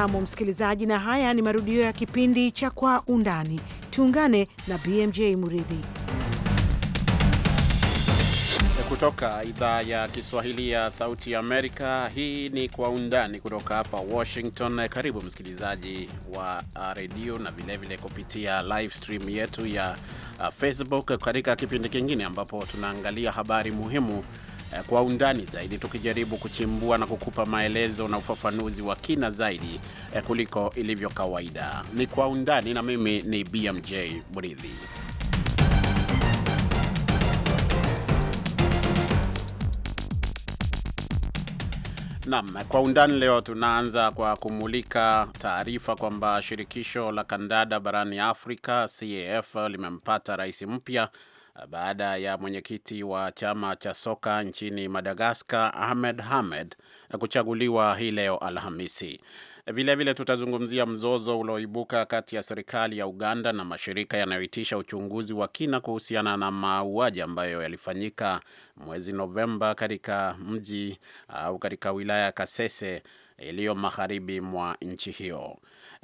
Naam msikilizaji, na haya ni marudio ya kipindi cha Kwa Undani. Tuungane na BMJ Muridhi kutoka idhaa ya Kiswahili ya Sauti ya Amerika. Hii ni Kwa Undani kutoka hapa Washington. Karibu msikilizaji wa uh, redio na vilevile kupitia live stream yetu ya uh, Facebook katika kipindi kingine ambapo tunaangalia habari muhimu Eh, kwa undani zaidi, tukijaribu kuchimbua na kukupa maelezo na ufafanuzi wa kina zaidi eh, kuliko ilivyo kawaida. Ni kwa undani, na mimi ni BMJ Mridhi. Naam, kwa undani leo tunaanza kwa kumulika taarifa kwamba shirikisho la kandada barani Afrika CAF limempata rais mpya baada ya mwenyekiti wa chama cha soka nchini Madagaskar Ahmed Hamed kuchaguliwa hii leo Alhamisi. Vilevile vile tutazungumzia mzozo ulioibuka kati ya serikali ya Uganda na mashirika yanayoitisha uchunguzi wa kina kuhusiana na mauaji ambayo yalifanyika mwezi Novemba katika mji au katika wilaya ya Kasese iliyo magharibi mwa nchi hiyo.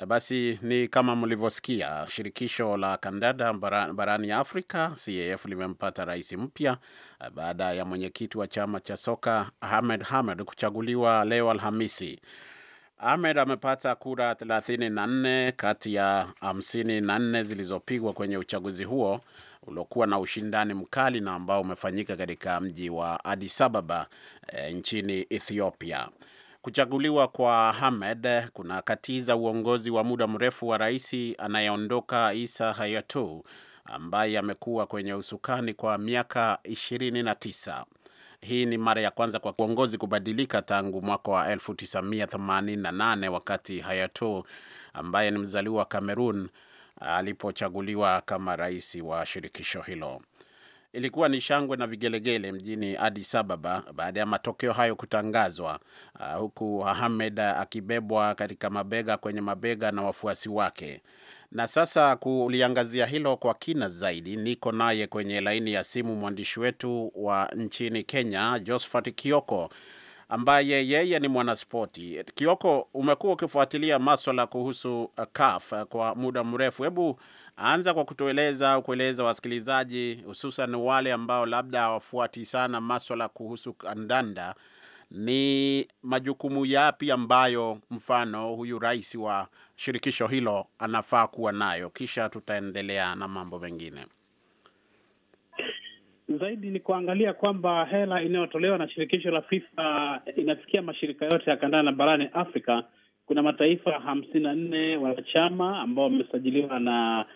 Basi ni kama mlivyosikia, shirikisho la kandada barani Afrika CAF limempata rais mpya eh, baada ya mwenyekiti wa chama cha soka Ahmed Hamed kuchaguliwa leo Alhamisi. Ahmed amepata kura 34 kati ya 54 zilizopigwa kwenye uchaguzi huo uliokuwa na ushindani mkali na ambao umefanyika katika mji wa Addis Ababa e, nchini Ethiopia. Kuchaguliwa kwa Hamed kunakatiza uongozi wa muda mrefu wa rais anayeondoka Isa Hayatu ambaye amekuwa kwenye usukani kwa miaka 29. Hii ni mara ya kwanza kwa uongozi kubadilika tangu mwaka wa 1988 wakati Hayatu ambaye ni mzaliwa wa Kamerun alipochaguliwa kama rais wa shirikisho hilo ilikuwa ni shangwe na vigelegele mjini Addis Ababa baada ya matokeo hayo kutangazwa, uh, huku Ahmed akibebwa katika mabega kwenye mabega na wafuasi wake. Na sasa kuliangazia hilo kwa kina zaidi, niko naye kwenye laini ya simu mwandishi wetu wa nchini Kenya Josephat Kioko ambaye yeye ni mwanaspoti. Kioko, umekuwa ukifuatilia maswala kuhusu uh, CAF uh, kwa muda mrefu, hebu anza kwa kutueleza au kueleza wasikilizaji, hususan wale ambao labda hawafuati sana maswala kuhusu kandanda, ni majukumu yapi ambayo mfano huyu rais wa shirikisho hilo anafaa kuwa nayo, kisha tutaendelea na mambo mengine zaidi ni kuangalia kwamba hela inayotolewa na shirikisho la FIFA eh, inafikia mashirika yote ya kandanda barani Afrika. Kuna mataifa hamsini na nne wanachama ambao wamesajiliwa na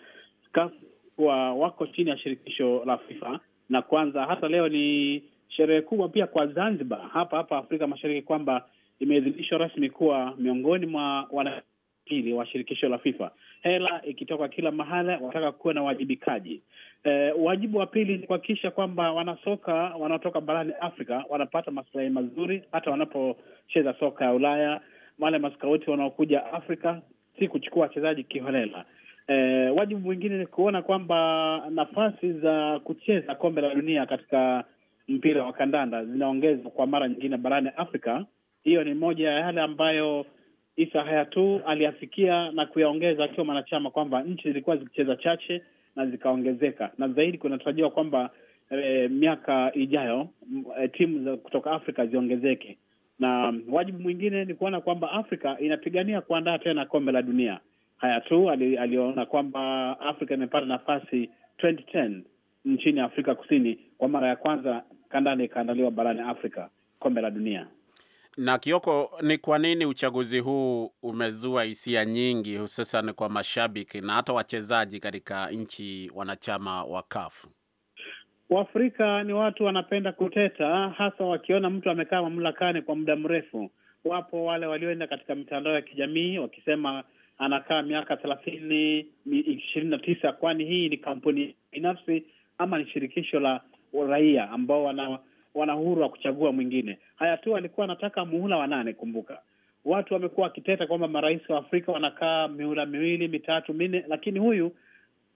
CAF wa wako chini ya shirikisho la FIFA na kwanza hata leo ni sherehe kubwa pia kwa Zanzibar hapa hapa Afrika Mashariki kwamba imeidhinishwa rasmi kuwa miongoni mwa wanapili wa shirikisho la FIFA, hela ikitoka kila mahala, wanataka kuwa na uwajibikaji. E, wajibu wa pili ni kuhakikisha kwamba wanasoka wanaotoka barani Afrika wanapata maslahi mazuri hata wanapocheza soka ya Ulaya. Wale maskauti wanaokuja Afrika si kuchukua wachezaji kiholela eh, wajibu mwingine ni kuona kwamba nafasi za kucheza kombe la dunia katika mpira wa kandanda zinaongezwa kwa mara nyingine barani Afrika. Hiyo ni moja ya yale ambayo Isa Hayatu aliyafikia na kuyaongeza akiwa mwanachama, kwamba nchi zilikuwa zikicheza chache na zikaongezeka, na zaidi kunatarajiwa kwamba e, miaka ijayo e, timu za kutoka Afrika ziongezeke, na wajibu mwingine ni kuona kwamba Afrika inapigania kuandaa tena kombe la dunia. Haya tu aliona kwamba Afrika imepata nafasi 2010 nchini Afrika Kusini kwa mara ya kwanza kandanda ikaandaliwa barani Afrika, kombe la dunia. Na Kioko, ni kwa nini uchaguzi huu umezua hisia nyingi, hususan kwa mashabiki na hata wachezaji katika nchi wanachama wa CAF? Waafrika ni watu wanapenda kuteta, hasa wakiona mtu amekaa mamlakani kwa muda mrefu. Wapo wale walioenda katika mitandao ya kijamii wakisema anakaa miaka thelathini ishirini na tisa kwani hii ni kampuni binafsi ama ni shirikisho la raia ambao wana wana uhuru wa kuchagua mwingine. Haya tu alikuwa anataka muhula wa nane. Kumbuka watu wamekuwa wakiteta kwamba marais wa Afrika wanakaa mihula miwili mitatu minne, lakini huyu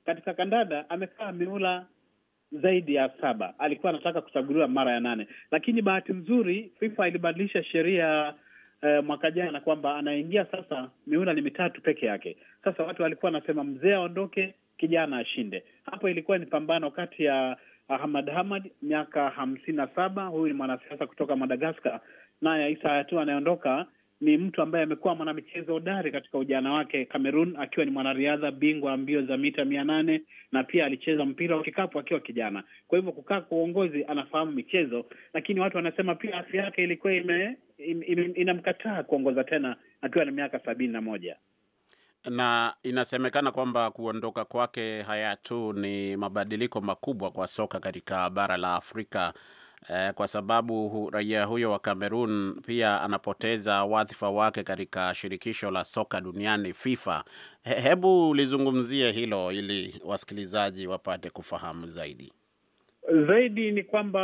katika kandada amekaa mihula zaidi ya saba. Alikuwa anataka kuchaguliwa mara ya nane, lakini bahati nzuri FIFA ilibadilisha sheria eh, mwaka jana kwamba anaingia sasa miuna ni mitatu peke yake. Sasa watu walikuwa wanasema mzee aondoke, kijana ashinde. Hapo ilikuwa ni pambano kati ya Ahmad Hamad miaka hamsini na saba, huyu ni mwanasiasa kutoka Madagaskar, naye Isa Hayatou anayeondoka ni mtu ambaye amekuwa mwanamichezo hodari katika ujana wake Cameroon, akiwa ni mwanariadha bingwa wa mbio za mita mia nane na pia alicheza mpira wa kikapu akiwa kijana. Kwa hivyo kukaa kwa uongozi, anafahamu michezo, lakini watu wanasema pia afya yake ilikuwa ime, ime, ime, inamkataa kuongoza tena akiwa na miaka sabini na moja na inasemekana kwamba kuondoka kwake haya tu ni mabadiliko makubwa kwa soka katika bara la Afrika eh, kwa sababu hu, raia huyo wa Cameroon pia anapoteza wadhifa wake katika shirikisho la soka duniani FIFA. He, hebu lizungumzie hilo ili wasikilizaji wapate kufahamu zaidi. Zaidi ni kwamba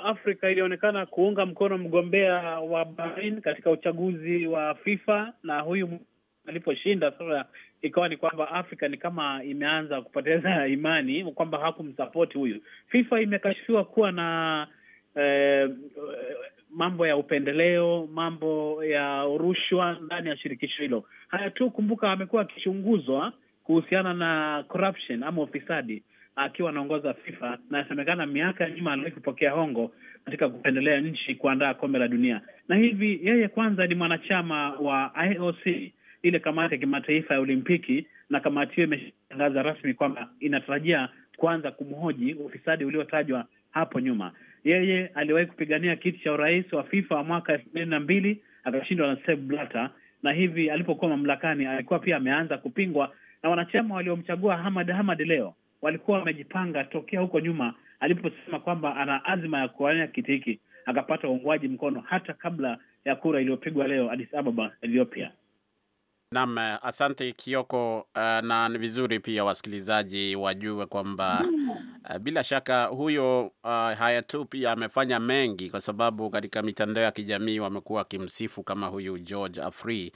Afrika ilionekana kuunga mkono mgombea wa Bahrain katika uchaguzi wa FIFA na huyu aliposhinda sasa ikawa ni kwamba Afrika ni kama imeanza kupoteza imani kwamba hakumsapoti huyu. FIFA imekashifiwa kuwa na eh, mambo ya upendeleo, mambo ya rushwa ndani ya shirikisho hilo. Haya tu, kumbuka amekuwa akichunguzwa kuhusiana na corruption ama ufisadi akiwa anaongoza FIFA na inasemekana miaka ya nyuma aliwahi kupokea hongo katika kupendelea nchi kuandaa kombe la dunia, na hivi yeye kwanza ni mwanachama wa IOC ile kamati ya kimataifa ya Olimpiki, na kamati hiyo imeshatangaza rasmi kwamba inatarajia kuanza kumhoji ufisadi uliotajwa hapo nyuma. Yeye aliwahi kupigania kiti cha urais wa FIFA wa mwaka elfu mbili na mbili akashindwa na Sepp Blatter, na hivi alipokuwa mamlakani alikuwa pia ameanza kupingwa na wanachama waliomchagua Hamad Hamad. Leo walikuwa wamejipanga tokea huko nyuma, aliposema kwamba ana azma ya kuwania kiti hiki, akapata uungwaji mkono hata kabla ya kura iliyopigwa leo Addis Ababa, Ethiopia. Naam, eh, asante Kioko. Uh, na ni vizuri pia wasikilizaji wajue kwamba uh, bila shaka huyo uh, Hayatu pia amefanya mengi, kwa sababu katika mitandao ya kijamii wamekuwa wakimsifu kama huyu George Afri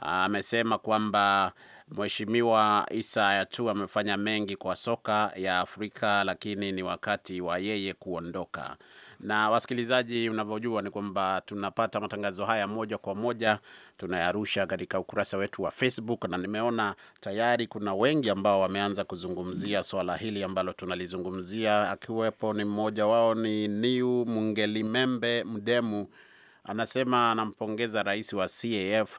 amesema kwamba Mheshimiwa Issa tu amefanya mengi kwa soka ya Afrika, lakini ni wakati wa yeye kuondoka. Na wasikilizaji, unavyojua ni kwamba tunapata matangazo haya moja kwa moja, tunayarusha katika ukurasa wetu wa Facebook, na nimeona tayari kuna wengi ambao wameanza kuzungumzia swala hili ambalo tunalizungumzia, akiwepo ni mmoja wao ni Niu Mungelimembe Mdemu, anasema anampongeza rais wa CAF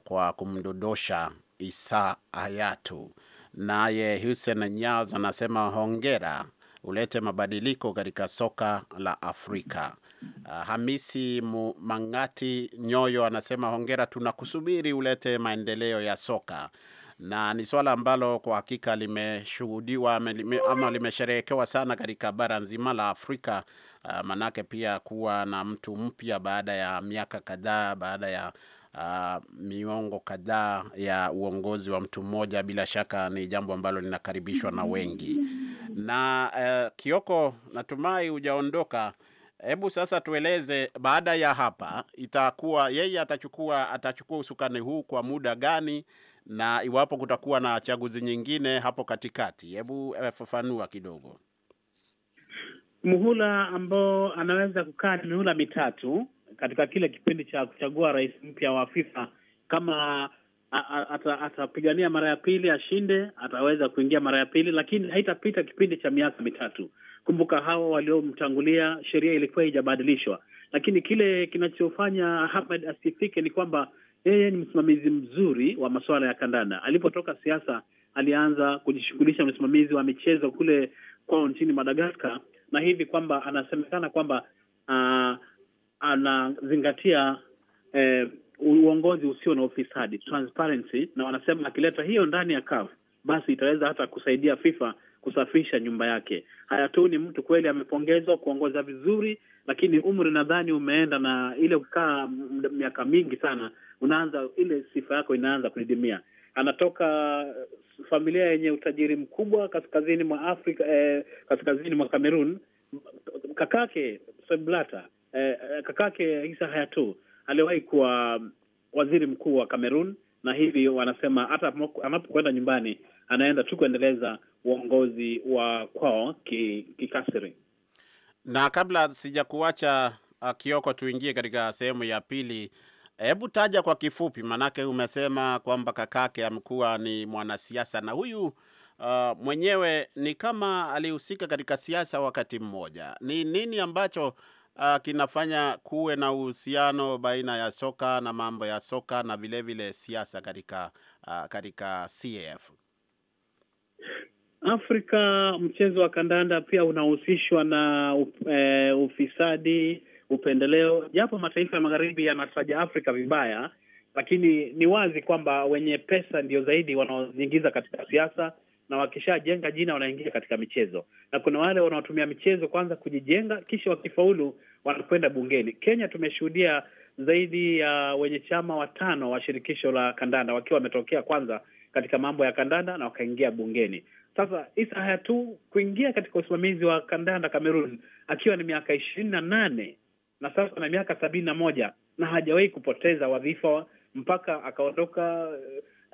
kwa kumdodosha Isa Hayatu. Naye Hussein Nyaz anasema hongera, ulete mabadiliko katika soka la Afrika. Ah, Hamisi Mangati Nyoyo anasema hongera, tunakusubiri ulete maendeleo ya soka na ni swala ambalo kwa hakika limeshuhudiwa ama limesherehekewa sana katika bara nzima la Afrika. Uh, manake pia kuwa na mtu mpya baada ya miaka kadhaa baada ya uh, miongo kadhaa ya uongozi wa mtu mmoja, bila shaka ni jambo ambalo linakaribishwa na wengi. Na uh, Kioko, natumai hujaondoka. Hebu sasa tueleze, baada ya hapa itakuwa yeye atachukua atachukua usukani huu kwa muda gani, na iwapo kutakuwa na chaguzi nyingine hapo katikati, hebu eh, fafanua kidogo. Muhula ambao anaweza kukaa ni mihula mitatu katika kile kipindi cha kuchagua rais mpya wa FIFA kama atapigania mara ya pili ashinde, ataweza kuingia mara ya pili, lakini haitapita kipindi cha miaka mitatu. Kumbuka hawa waliomtangulia, sheria ilikuwa haijabadilishwa, lakini kile kinachofanya Ahmed asifike ni kwamba yeye ni msimamizi mzuri wa masuala ya kandanda. Alipotoka siasa, alianza kujishughulisha msimamizi wa michezo kule kwao nchini Madagaskar, na hivi kwamba anasemekana kwamba uh, anazingatia eh, uongozi usio na ufisadi transparency, na wanasema akileta hiyo ndani ya CAF basi itaweza hata kusaidia FIFA kusafisha nyumba yake. Haya tu ni mtu kweli amepongezwa kuongoza vizuri, lakini umri nadhani umeenda, na ile ukikaa miaka mingi sana unaanza ile sifa yako inaanza kudidimia. Anatoka eh, familia yenye utajiri mkubwa kaskazini mwa Afrika eh, kaskazini mwa Kamerun. Kakake Seblata eh, kakake Isa Hayatu aliwahi kuwa waziri mkuu wa Kamerun, na hivi wanasema hata anapokwenda nyumbani anaenda tu kuendeleza uongozi wa kwao kikasiri ki na kabla sijakuacha ah, Kioko, tuingie katika sehemu ya pili. Hebu taja kwa kifupi, maanake umesema kwamba kakake amekuwa ni mwanasiasa na huyu uh, mwenyewe ni kama alihusika katika siasa wakati mmoja. Ni nini ambacho uh, kinafanya kuwe na uhusiano baina ya soka na mambo ya soka na vilevile siasa katika uh, katika CAF Afrika. Mchezo wa kandanda pia unahusishwa na uh, ufisadi, upendeleo, japo mataifa ya magharibi yanataja Afrika vibaya, lakini ni wazi kwamba wenye pesa ndio zaidi wanaoingiza katika siasa na wakishajenga jina wanaingia katika michezo, na kuna wale wanaotumia michezo kwanza kujijenga, kisha wakifaulu wanakwenda bungeni. Kenya tumeshuhudia zaidi ya uh, wenye chama watano wa shirikisho la kandanda wakiwa wametokea kwanza katika mambo ya kandanda na wakaingia bungeni. Sasa Issa Hayatou kuingia katika usimamizi wa kandanda Cameroon akiwa ni miaka ishirini na nane na sasa na miaka sabini na moja na hajawahi kupoteza wadhifa mpaka akaondoka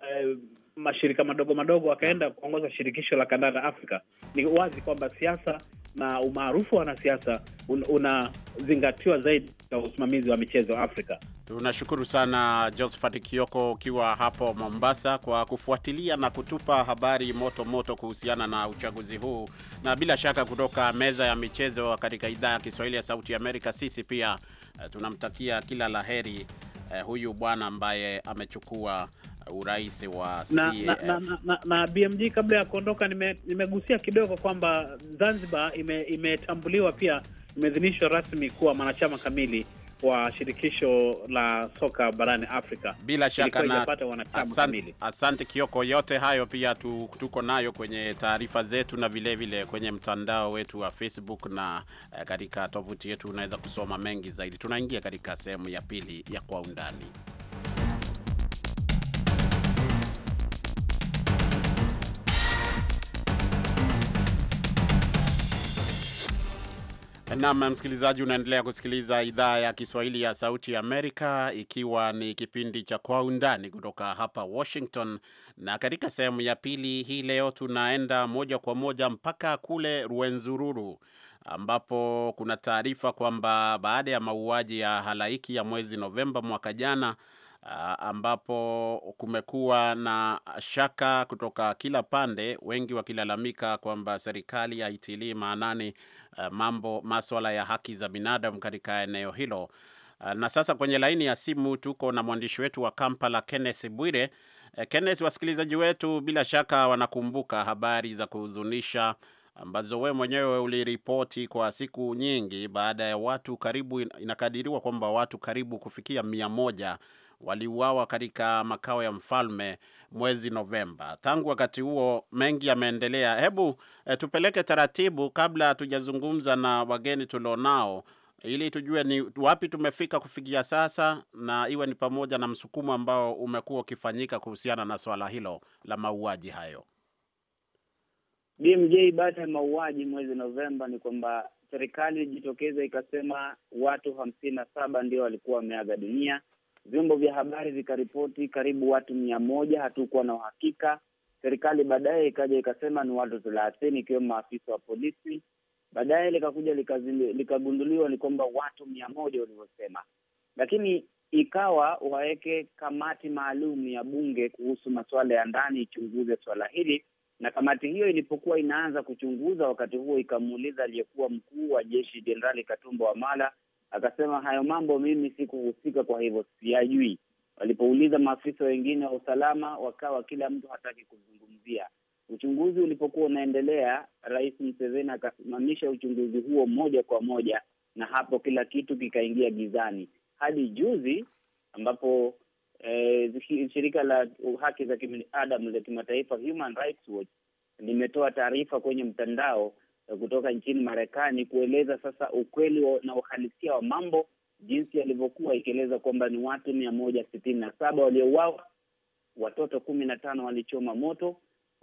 eh, mashirika madogo madogo wakaenda kuongoza shirikisho la kandanda Afrika. Ni wazi kwamba siasa na umaarufu wa wanasiasa unazingatiwa una zaidi na usimamizi wa michezo Afrika. Tunashukuru sana Josephat Kioko ukiwa hapo Mombasa kwa kufuatilia na kutupa habari moto moto kuhusiana na uchaguzi huu, na bila shaka kutoka meza ya michezo katika idhaa ya Kiswahili ya Sauti Amerika, sisi pia eh, tunamtakia kila la heri eh, huyu bwana ambaye amechukua urais wa na, CAF. Na, na, na, na, na BMG kabla ya kuondoka, nimegusia nime kidogo kwamba Zanzibar imetambuliwa ime pia imeidhinishwa rasmi kuwa mwanachama kamili wa shirikisho la soka barani Afrika. Bila shaka na asante, asante Kioko, yote hayo pia tu, tuko nayo kwenye taarifa zetu na vile vile kwenye mtandao wetu wa Facebook na eh, katika tovuti yetu unaweza kusoma mengi zaidi. Tunaingia katika sehemu ya pili ya kwa undani. Nam msikilizaji, unaendelea kusikiliza idhaa ya Kiswahili ya Sauti ya Amerika, ikiwa ni kipindi cha Kwa Undani kutoka hapa Washington. Na katika sehemu ya pili hii leo tunaenda moja kwa moja mpaka kule rwenzururu ambapo kuna taarifa kwamba baada ya mauaji ya halaiki ya mwezi Novemba mwaka jana Ah, ambapo kumekuwa na shaka kutoka kila pande, wengi wakilalamika kwamba serikali haitilii maanani eh, mambo maswala ya haki za binadamu katika eneo hilo. Ah, na sasa kwenye laini ya simu tuko na mwandishi wetu wa Kampala Kenneth Bwire. Eh, Kenneth, wasikilizaji wetu bila shaka wanakumbuka habari za kuhuzunisha ambazo wewe mwenyewe uliripoti kwa siku nyingi, baada ya watu karibu, inakadiriwa kwamba watu karibu kufikia mia moja waliuawa katika makao ya mfalme mwezi Novemba. Tangu wakati huo mengi yameendelea. Hebu e, tupeleke taratibu, kabla hatujazungumza na wageni tulionao, ili tujue ni wapi tumefika kufikia sasa, na iwe ni pamoja na msukumo ambao umekuwa ukifanyika kuhusiana na swala hilo la mauaji hayo. BMJ, baada ya mauaji mwezi Novemba ni kwamba serikali ilijitokeza ikasema watu hamsini na saba ndio walikuwa wameaga dunia Vyombo vya habari vikaripoti karibu watu mia moja, hatukuwa na uhakika. Serikali baadaye ikaja ikasema ni watu thelathini ikiwemo maafisa wa polisi. Baadaye likakuja likagunduliwa ni kwamba watu mia moja walivyosema, lakini ikawa waweke kamati maalum ya bunge kuhusu masuala ya ndani ichunguze suala hili. Na kamati hiyo ilipokuwa inaanza kuchunguza, wakati huo ikamuuliza aliyekuwa mkuu wa jeshi Jenerali Katumba Wamala Akasema hayo mambo mimi sikuhusika, kwa hivyo siyajui. Walipouliza maafisa wengine wa usalama, wakawa kila mtu hataki kuzungumzia. Uchunguzi ulipokuwa unaendelea, Rais Museveni akasimamisha uchunguzi huo moja kwa moja, na hapo kila kitu kikaingia gizani hadi juzi ambapo eh, shirika la haki za kibinadamu la kimataifa Human Rights Watch limetoa taarifa kwenye mtandao Eh, kutoka nchini Marekani kueleza sasa ukweli na uhalisia wa mambo jinsi yalivyokuwa, ikieleza kwamba ni watu mia moja sitini na saba waliouawa, watoto kumi na tano walichoma moto.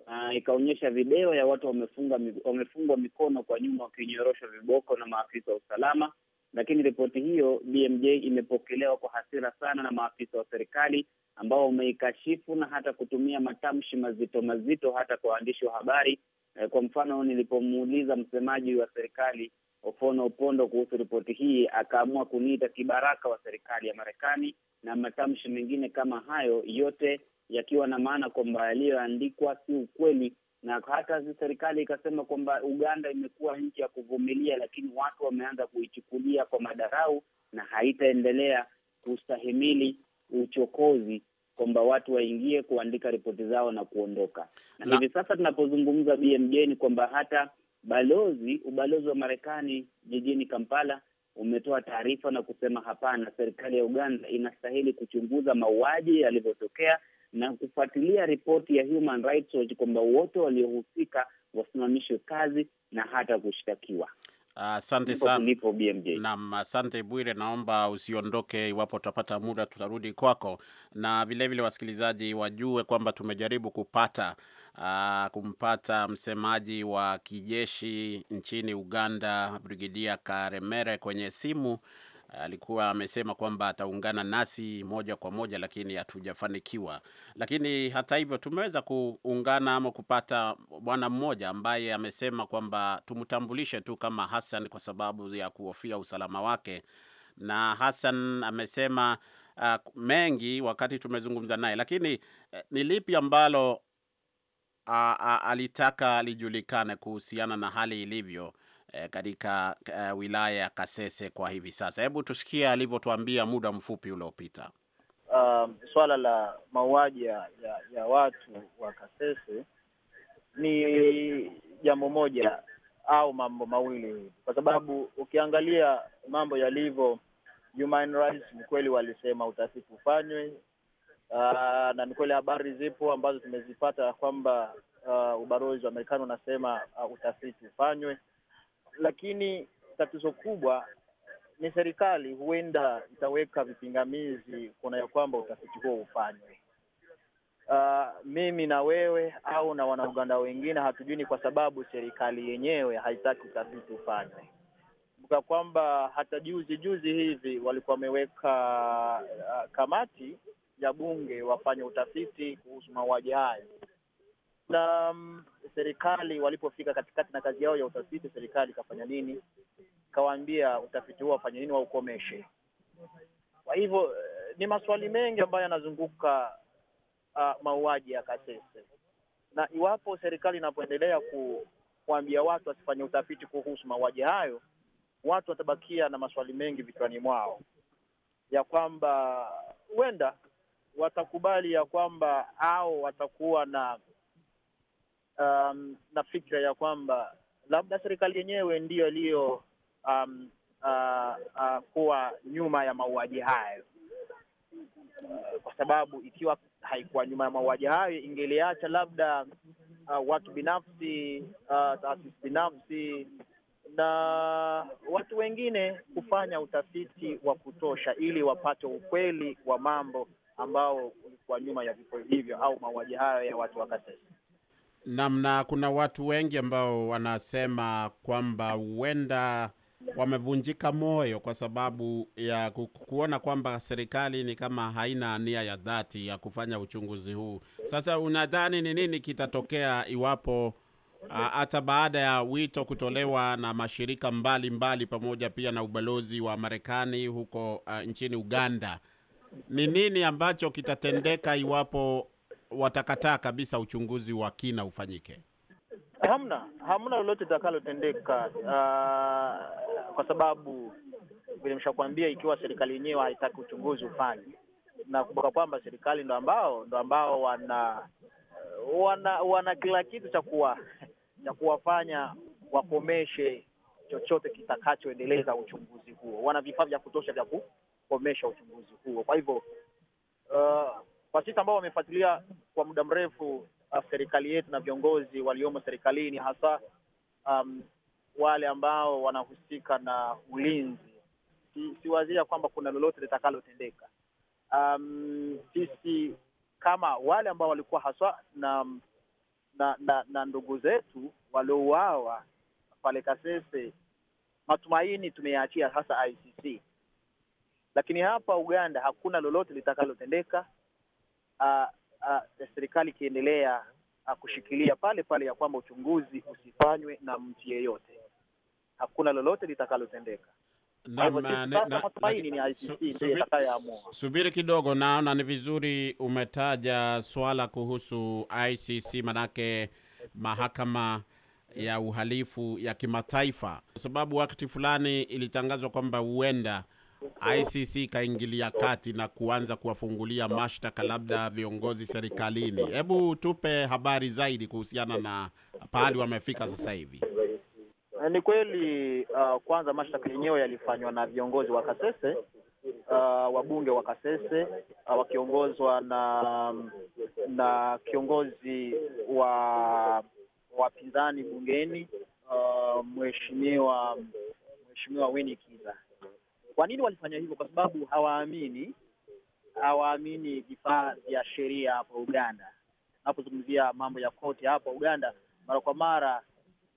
Uh, ikaonyesha video ya watu wamefunga wamefungwa mikono kwa nyuma wakinyoroshwa viboko na maafisa wa usalama. Lakini ripoti hiyo BMJ imepokelewa kwa hasira sana na maafisa wa serikali ambao wameikashifu na hata kutumia matamshi mazito mazito hata kwa waandishi wa habari Eh, kwa mfano, nilipomuuliza msemaji wa serikali Ofono Opondo kuhusu ripoti hii, akaamua kuniita kibaraka wa serikali ya Marekani na matamshi mengine kama hayo, yote yakiwa na maana kwamba yaliyoandikwa si ukweli, na hata serikali ikasema kwamba Uganda imekuwa nchi ya kuvumilia, lakini watu wameanza kuichukulia kwa madarau na haitaendelea kustahimili uchokozi kwamba watu waingie kuandika ripoti zao na kuondoka. Na, hivi sasa tunapozungumza BMJ ni kwamba hata balozi ubalozi wa Marekani jijini Kampala umetoa taarifa na kusema hapana, serikali ya Uganda inastahili kuchunguza mauaji yalivyotokea na kufuatilia ripoti ya Human Rights Watch kwamba wote waliohusika wasimamishwe kazi na hata kushtakiwa. Asante uh, sana. Nipo BMJ. Naam, asante Bwire, naomba usiondoke, iwapo tutapata muda tutarudi kwako, na vilevile vile wasikilizaji wajue kwamba tumejaribu kupata uh, kumpata msemaji wa kijeshi nchini Uganda brigedia Karemere kwenye simu alikuwa amesema kwamba ataungana nasi moja kwa moja, lakini hatujafanikiwa. Lakini hata hivyo tumeweza kuungana ama kupata bwana mmoja ambaye amesema kwamba tumtambulishe tu kama Hassan kwa sababu ya kuhofia usalama wake, na Hassan amesema uh, mengi wakati tumezungumza naye, lakini uh, ni lipi ambalo uh, uh, alitaka lijulikane kuhusiana na hali ilivyo eh, katika eh, wilaya ya Kasese kwa hivi sasa. Hebu tusikie alivyotuambia muda mfupi uliopita. Um, swala la mauaji ya, ya watu wa Kasese ni jambo moja au mambo mawili, kwa sababu ukiangalia mambo yalivyo, human rights ni kweli walisema utafiti ufanywe, uh, na ni kweli habari zipo ambazo tumezipata kwamba uh, ubalozi wa Marekani unasema uh, utafiti ufanywe, lakini tatizo kubwa ni serikali huenda itaweka vipingamizi kuna ya kwamba utafiti huo ufanywe. Uh, mimi na wewe au na wanauganda wengine hatujui ni kwa sababu serikali yenyewe haitaki utafiti ufanywe. Kumbuka kwamba hata juzi juzi hivi walikuwa wameweka uh, kamati ya bunge wafanye utafiti kuhusu mauaji hayo na um, serikali walipofika katikati na kazi yao ya utafiti, serikali ikafanya nini? Ikawaambia utafiti huo wafanye nini, waukomeshe. Kwa hivyo eh, ni maswali mengi ambayo yanazunguka uh, mauaji ya Kasese, na iwapo serikali inapoendelea ku, kuambia watu wasifanye utafiti kuhusu mauaji hayo, watu watabakia na maswali mengi vichwani mwao ya kwamba huenda watakubali ya kwamba au watakuwa na um, na fikra ya kwamba labda serikali yenyewe ndiyo iliyo um, uh, uh, kuwa nyuma ya mauaji hayo, kwa sababu ikiwa haikuwa nyuma ya mauaji hayo ingeliacha labda uh, watu binafsi uh, taasisi binafsi na watu wengine kufanya utafiti wa kutosha ili wapate ukweli wa mambo ambao ulikuwa nyuma ya vifo hivyo au mauaji hayo ya watu wa namna kuna watu wengi ambao wanasema kwamba huenda wamevunjika moyo kwa sababu ya kuona kwamba serikali ni kama haina nia ya dhati ya kufanya uchunguzi huu. Sasa unadhani ni nini kitatokea iwapo hata baada ya wito kutolewa na mashirika mbalimbali mbali, pamoja pia na ubalozi wa Marekani huko uh, nchini Uganda, ni nini ambacho kitatendeka iwapo watakataa kabisa uchunguzi wa kina ufanyike? Hamna, hamna lolote litakalotendeka uh, kwa sababu vile nimeshakwambia, ikiwa serikali yenyewe haitaki uchunguzi ufanye, na kumbuka kwamba serikali ndo ambao ndo ambao wana wana wana kila kitu cha kuwa cha kuwafanya wakomeshe chochote kitakachoendeleza uchunguzi huo. Wana vifaa vya kutosha vya kukomesha uchunguzi huo, kwa hivyo uh, kwa sisi ambao wamefuatilia kwa muda mrefu uh, serikali yetu na viongozi waliomo serikalini hasa um, wale ambao wanahusika na ulinzi, siwazia kwamba kuna lolote litakalotendeka. Um, sisi kama wale ambao walikuwa haswa na na, na, na ndugu zetu waliouawa pale Kasese, matumaini tumeyaachia hasa ICC, lakini hapa Uganda hakuna lolote litakalotendeka uh, uh, serikali ikiendelea uh, kushikilia pale pale ya kwamba uchunguzi usifanywe na mtu yeyote, hakuna lolote litakalotendeka. Subiri kidogo, naona ni vizuri umetaja swala kuhusu ICC, manake mahakama ya uhalifu ya kimataifa, kwa sababu wakati fulani ilitangazwa kwamba huenda ICC ikaingilia kati na kuanza kuwafungulia mashtaka labda viongozi serikalini. Hebu tupe habari zaidi kuhusiana na pahali wamefika sasa hivi. Eh, ni kweli uh, kwanza mashtaka yenyewe yalifanywa na viongozi wa Kasese uh, wabunge wa Kasese uh, wakiongozwa na um, na kiongozi wa wapinzani bungeni uh, mheshimiwa mheshimiwa Winnie Kiza kwa nini walifanya hivyo? Kwa sababu hawaamini hawaamini vifaa vya sheria hapa Uganda. Napozungumzia mambo ya koti hapa Uganda, mara kwa mara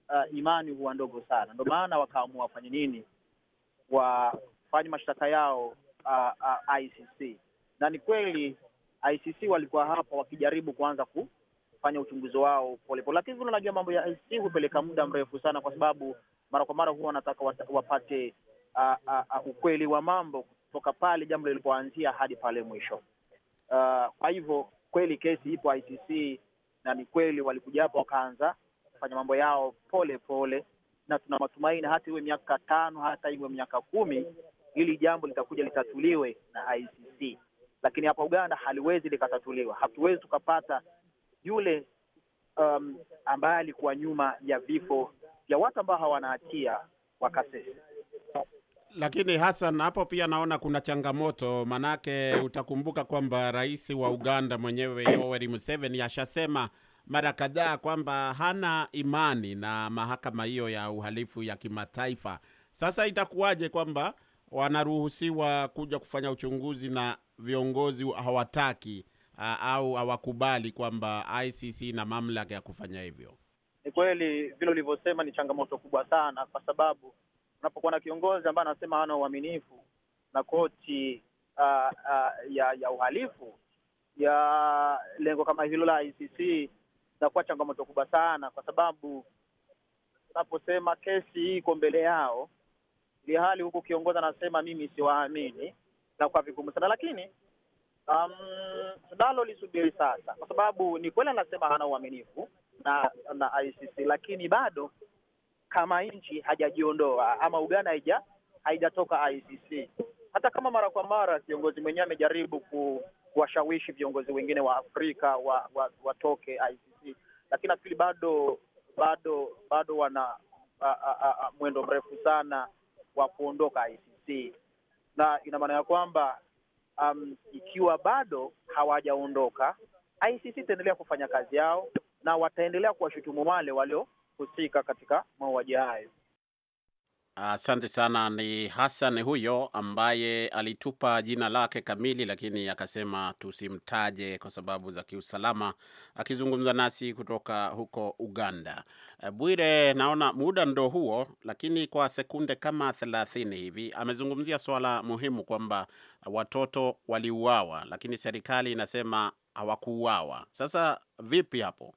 uh, imani huwa ndogo sana. Ndio maana wakaamua wafanye nini, wafanye mashtaka yao uh, uh, ICC. Na ni kweli ICC walikuwa hapa wakijaribu kuanza kufanya uchunguzi wao polepole, lakini vile unajua mambo ya ICC hupeleka muda mrefu sana, kwa sababu mara kwa mara huwa wanataka wapate a, a, ukweli wa mambo kutoka pale jambo lilipoanzia hadi pale mwisho. Uh, kwa hivyo kweli kesi ipo ICC na ni kweli walikuja hapo wakaanza kufanya mambo yao pole pole, na tuna matumaini hata iwe miaka tano hata iwe miaka kumi hili jambo litakuja litatuliwe na ICC, lakini hapa Uganda haliwezi likatatuliwa. Hatuwezi tukapata yule um, ambaye alikuwa nyuma ya vifo vya watu ambao hawana hatia wakasesi lakini Hassan, hapo pia naona kuna changamoto, manake utakumbuka kwamba rais wa Uganda mwenyewe Yoweri Museveni ashasema mara kadhaa kwamba hana imani na mahakama hiyo ya uhalifu ya kimataifa. Sasa itakuwaje kwamba wanaruhusiwa kuja kufanya uchunguzi na viongozi hawataki au hawakubali kwamba ICC ina mamlaka ya kufanya hivyo? Ni kweli vile ulivyosema, ni changamoto kubwa sana kwa sababu unapokuwa na kiongozi ambaye anasema hana uaminifu na koti uh, uh, ya ya uhalifu ya lengo kama hilo la ICC inakuwa changamoto kubwa sana, kwa sababu unaposema kesi hii iko mbele yao, ili hali huku kiongozi anasema mimi siwaamini, inakuwa vigumu sana lakini Um, nalo lisubiri sasa, kwa sababu ni kweli anasema hana uaminifu na na ICC, lakini bado kama nchi hajajiondoa ama Uganda haija haijatoka ICC. Hata kama mara kwa mara kiongozi mwenyewe amejaribu kuwashawishi viongozi wengine wa Afrika watoke wa, wa ICC, lakini nafikiri bado bado bado wana a, a, a, mwendo mrefu sana wa kuondoka ICC, na ina maana ya kwamba um, ikiwa bado hawajaondoka ICC itaendelea kufanya kazi yao na wataendelea kuwashutumu wale walio kuhusika katika mauaji hayo. Asante sana. Ni Hassan huyo ambaye alitupa jina lake kamili, lakini akasema tusimtaje kwa sababu za kiusalama, akizungumza nasi kutoka huko Uganda. Eh, Bwire, naona muda ndo huo, lakini kwa sekunde kama thelathini hivi amezungumzia swala muhimu kwamba watoto waliuawa, lakini serikali inasema hawakuuawa. Sasa vipi hapo?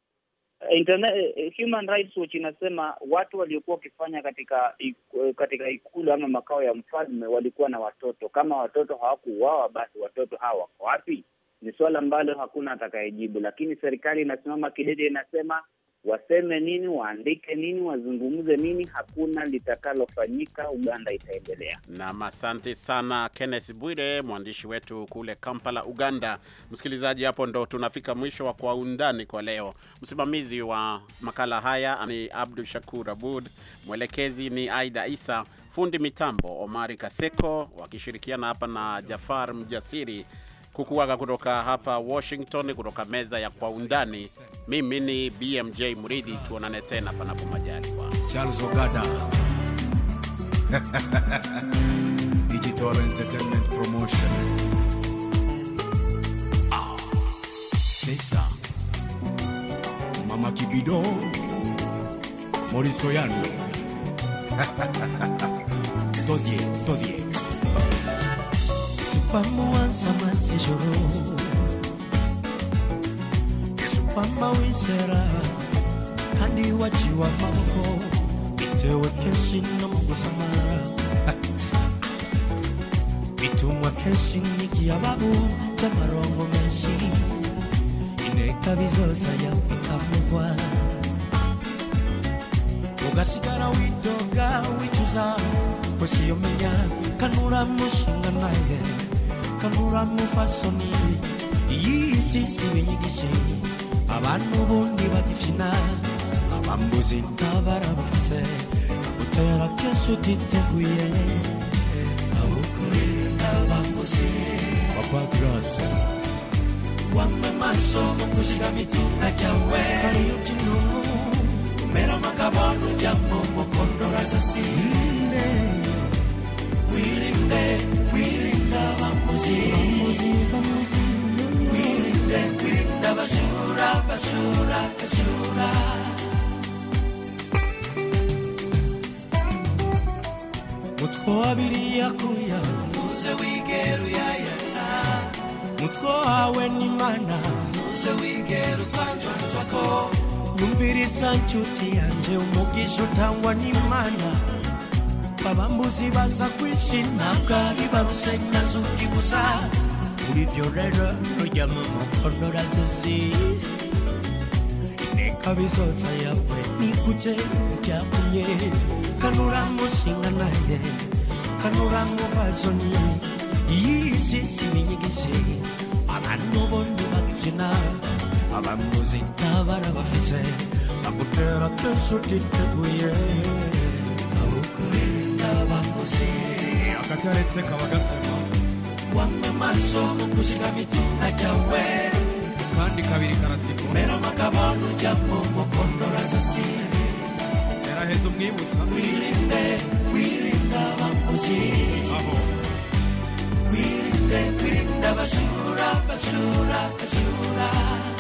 Internet, eh, Human Rights Watch inasema watu waliokuwa wakifanya katika eh, katika ikulu ama makao ya mfalme walikuwa na watoto. Kama watoto hawakuuawa, basi watoto hawa wako wapi? Ni suala ambalo hakuna atakayejibu, lakini serikali inasimama kidede, inasema waseme nini, waandike nini, wazungumze nini, hakuna litakalofanyika. Uganda itaendelea. Nam, asante sana Kenneth Bwire, mwandishi wetu kule Kampala, Uganda. Msikilizaji, hapo ndo tunafika mwisho wa Kwa Undani kwa leo. Msimamizi wa makala haya ni Abdu Shakur Abud, mwelekezi ni Aida Isa, fundi mitambo Omari Kaseko, wakishirikiana hapa na Jafar Mjasiri kukuaga kutoka hapa Washington, kutoka meza ya kwa undani. Mimi ni BMJ Muridhi, tuonane tena panapo majaliwa. Charles Ogada Digital Entertainment Promotion. Ah, sasa Mama Kibido Morisoyano todie todie Kesupamba sama sejoro Kesupamba wisera Kandi wachiwa mamko Itewe kenshin nomgo samara Itumwa kenshin niki ababu Chamarongo menshi Ineka bizosa ya pikamugwa Ugasigara widoga wichuza Kwesiyomenya kanura mushinga naye akabura mufasoni iyi si si binyigishe abantu bundi bagifina abambuzi ntabara bafise utera kenshi utiteguye awukurinda abambuzi papa grace wamwe maso mu kuzigama itunga ryawe ariyo kino umera amagabano ujyamo mu kondora zosi wirinde kwirinda abajura abajura abajura mutwe wa biriya kuya ntuze wigera uyayata mutwe wawe n'imana ntuze wigera utwanjwanjwa ko yumviriza inshuti babambuzi baza kuishi nabwari barusenya nzubyibuza urivyo rero rujya mu mukono razuzi inteka bizoza yawe nikuce ryakumye kanuramushinga naye kanuramuvazoni yisi sibinyigije abantu bondi bagibyina abambuzi ntabarabafise bagutera kenshi utiteguye akatyaretsekaba bagasema wamwe maso mu kuzigamiti ajyawe kandi kabiri karatsikwa mbere amakabano ujyamo mukondora zosi yaraheze umwibutsa wirinde wirinda abamuzi aho wirinde abajura abajura abajura